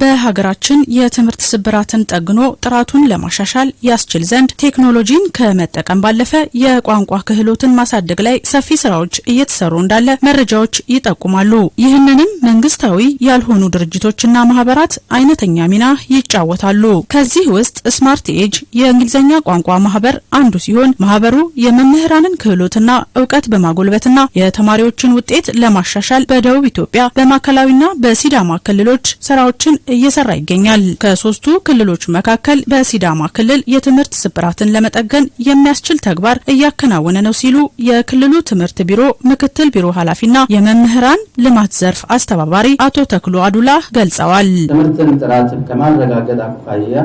በሀገራችን የትምህርት ስብራትን ጠግኖ ጥራቱን ለማሻሻል ያስችል ዘንድ ቴክኖሎጂን ከመጠቀም ባለፈ የቋንቋ ክህሎትን ማሳደግ ላይ ሰፊ ስራዎች እየተሰሩ እንዳለ መረጃዎች ይጠቁማሉ። ይህንንም መንግስታዊ ያልሆኑ ድርጅቶችና ማህበራት አይነተኛ ሚና ይጫወታሉ። ከዚህ ውስጥ ስማርት ኤጅ የእንግሊዝኛ ቋንቋ ማህበር አንዱ ሲሆን ማህበሩ የመምህራንን ክህሎትና እውቀት በማጎልበትና የተማሪዎችን ውጤት ለማሻሻል በደቡብ ኢትዮጵያ በማዕከላዊና በሲዳማ ክልሎች ስራዎችን እየሰራ ይገኛል። ከሶስቱ ክልሎች መካከል በሲዳማ ክልል የትምህርት ስብራትን ለመጠገን የሚያስችል ተግባር እያከናወነ ነው ሲሉ የክልሉ ትምህርት ቢሮ ምክትል ቢሮ ኃላፊና የመምህራን ልማት ዘርፍ አስተባባሪ አቶ ተክሎ አዱላ ገልጸዋል። ትምህርትን ጥራት ከማረጋገጥ አኳያ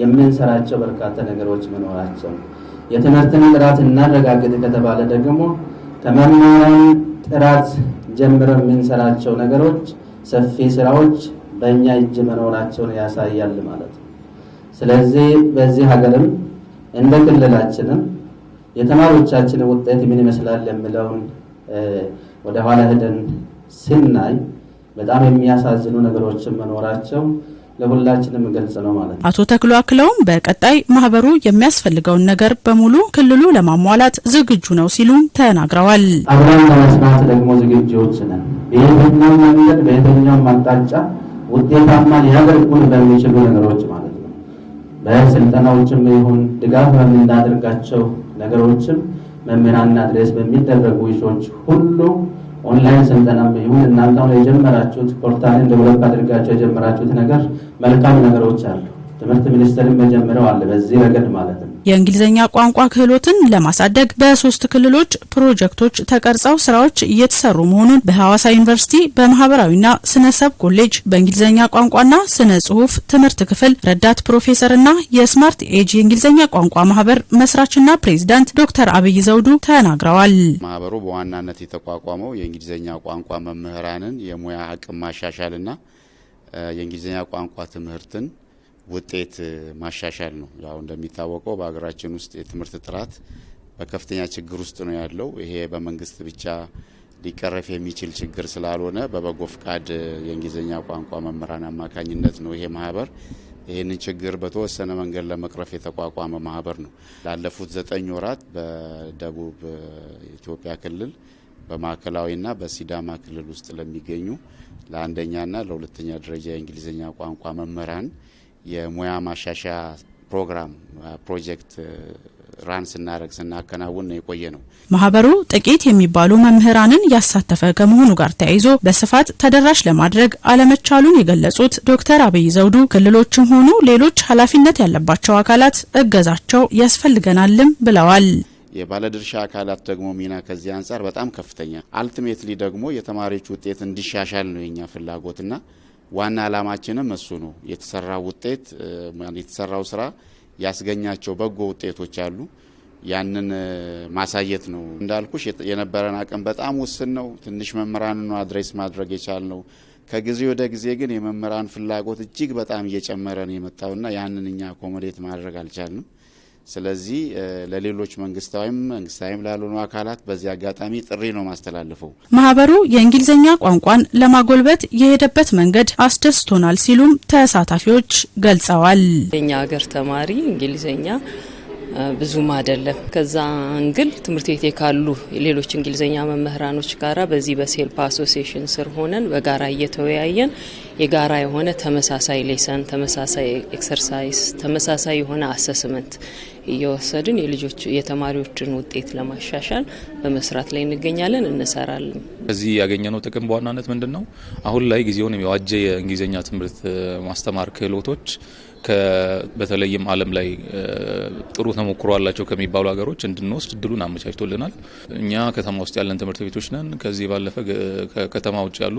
የምንሰራቸው በርካታ ነገሮች መኖራቸው የትምህርትን ጥራት እናረጋግጥ ከተባለ ደግሞ ከመምህራን ጥራት ጀምረው የምንሰራቸው ነገሮች ሰፊ ስራዎች በእኛ እጅ መኖራቸውን ያሳያል ማለት ነው። ስለዚህ በዚህ ሀገርም እንደ ክልላችንም የተማሪዎቻችን ውጤት ምን ይመስላል የሚለውን ወደ ኋላ ሄደን ስናይ በጣም የሚያሳዝኑ ነገሮችን መኖራቸው ለሁላችንም ግልጽ ነው ማለት ነው። አቶ ተክሎ አክለውም በቀጣይ ማህበሩ የሚያስፈልገውን ነገር በሙሉ ክልሉ ለማሟላት ዝግጁ ነው ሲሉም ተናግረዋል። አብረን ለመስራት ደግሞ ዝግጁዎች ነን። በየትኛው መንገድ በየትኛውም አቅጣጫ ውጤታማ ሊያደርጉን በሚችሉ ነገሮች ማለት ነው። በስልጠናዎችም ይሁን ድጋፍ በምናደርጋቸው ነገሮችም መምህራንና ድረስ በሚደረጉ ይሾች ሁሉ ኦንላይን ስልጠና ይሁን እናንተ አሁን የጀመራችሁት ፖርታልን ዴቨሎፕ አድርጋችሁ የጀመራችሁት ነገር መልካም ነገሮች አሉ። ትምህርት ሚኒስቴርን መጀመሪያው አለ በዚህ ረገድ ማለት ነው። የእንግሊዝኛ ቋንቋ ክህሎትን ለማሳደግ በሶስት ክልሎች ፕሮጀክቶች ተቀርጸው ስራዎች እየተሰሩ መሆኑን በሐዋሳ ዩኒቨርሲቲ በማህበራዊና ስነ ሰብ ኮሌጅ በእንግሊዝኛ ቋንቋና ስነ ጽሁፍ ትምህርት ክፍል ረዳት ፕሮፌሰርና የስማርት ኤጅ የእንግሊዝኛ ቋንቋ ማህበር መስራችና ፕሬዚዳንት ዶክተር አብይ ዘውዱ ተናግረዋል። ማህበሩ በዋናነት የተቋቋመው የእንግሊዝኛ ቋንቋ መምህራንን የሙያ አቅም ማሻሻልና የእንግሊዝኛ ቋንቋ ትምህርትን ውጤት ማሻሻል ነው። ያው እንደሚታወቀው በሀገራችን ውስጥ የትምህርት ጥራት በከፍተኛ ችግር ውስጥ ነው ያለው። ይሄ በመንግስት ብቻ ሊቀረፍ የሚችል ችግር ስላልሆነ በበጎ ፍቃድ የእንግሊዝኛ ቋንቋ መምህራን አማካኝነት ነው ይሄ ማህበር ይህንን ችግር በተወሰነ መንገድ ለመቅረፍ የተቋቋመ ማህበር ነው። ላለፉት ዘጠኝ ወራት በደቡብ ኢትዮጵያ ክልል በማዕከላዊና በሲዳማ ክልል ውስጥ ለሚገኙ ለአንደኛና ለሁለተኛ ደረጃ የእንግሊዝኛ ቋንቋ መምህራን የሙያ ማሻሻያ ፕሮግራም ፕሮጀክት ራን ስናደረግ ስናከናውን ነው የቆየ ነው። ማህበሩ ጥቂት የሚባሉ መምህራንን ያሳተፈ ከመሆኑ ጋር ተያይዞ በስፋት ተደራሽ ለማድረግ አለመቻሉን የገለጹት ዶክተር አብይ ዘውዱ ክልሎችም ሆኑ ሌሎች ኃላፊነት ያለባቸው አካላት እገዛቸው ያስፈልገናልም ብለዋል። የባለድርሻ አካላት ደግሞ ሚና ከዚህ አንጻር በጣም ከፍተኛ አልቲሜትሊ ደግሞ የተማሪዎች ውጤት እንዲሻሻል ነው የኛ ፍላጎትና ዋና ዓላማችንም እሱ ነው። የተሰራው ውጤት የተሰራው ስራ ያስገኛቸው በጎ ውጤቶች አሉ። ያንን ማሳየት ነው። እንዳልኩሽ የነበረን አቅም በጣም ውስን ነው። ትንሽ መምህራን ነው አድሬስ ማድረግ የቻል ነው። ከጊዜ ወደ ጊዜ ግን የመምህራን ፍላጎት እጅግ በጣም እየጨመረ ነው የመጣውና ያንን እኛ አኮሞዴት ማድረግ አልቻልንም። ስለዚህ ለሌሎች መንግስታዊም መንግስታዊም ላልሆኑ አካላት በዚህ አጋጣሚ ጥሪ ነው ማስተላልፈው። ማህበሩ የእንግሊዝኛ ቋንቋን ለማጎልበት የሄደበት መንገድ አስደስቶናል ሲሉም ተሳታፊዎች ገልጸዋል። የኛ ሀገር ተማሪ እንግሊዝኛ ብዙም አይደለም። ከዛ እንግል ትምህርት ቤቴ ካሉ ሌሎች እንግሊዝኛ መምህራኖች ጋራ በዚህ በሴልፓ አሶሲሽን ስር ሆነን በጋራ እየተወያየን የጋራ የሆነ ተመሳሳይ ሌሰን፣ ተመሳሳይ ኤክሰርሳይዝ፣ ተመሳሳይ የሆነ አሰስመንት እየወሰድን የልጆች የተማሪዎችን ውጤት ለማሻሻል በመስራት ላይ እንገኛለን፣ እንሰራለን። ከዚህ ያገኘነው ጥቅም በዋናነት ምንድን ነው? አሁን ላይ ጊዜውን የዋጀ የእንግሊዝኛ ትምህርት ማስተማር ክህሎቶች በተለይም ዓለም ላይ ጥሩ ተሞክሮ አላቸው ከሚባሉ ሀገሮች እንድንወስድ እድሉን አመቻችቶልናል። እኛ ከተማ ውስጥ ያለን ትምህርት ቤቶች ነን። ከዚህ ባለፈ ከከተማ ውጭ ያሉ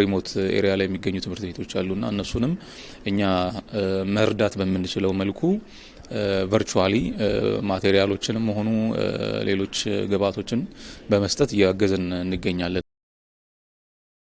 ሪሞት ኤሪያ ላይ የሚገኙ ትምህርት ቤቶች አሉና እነሱንም እኛ መርዳት በምንችለው መልኩ ቨርቹዋሊ ማቴሪያሎችንም ሆኑ ሌሎች ግብዓቶችን በመስጠት እያገዝን እንገኛለን።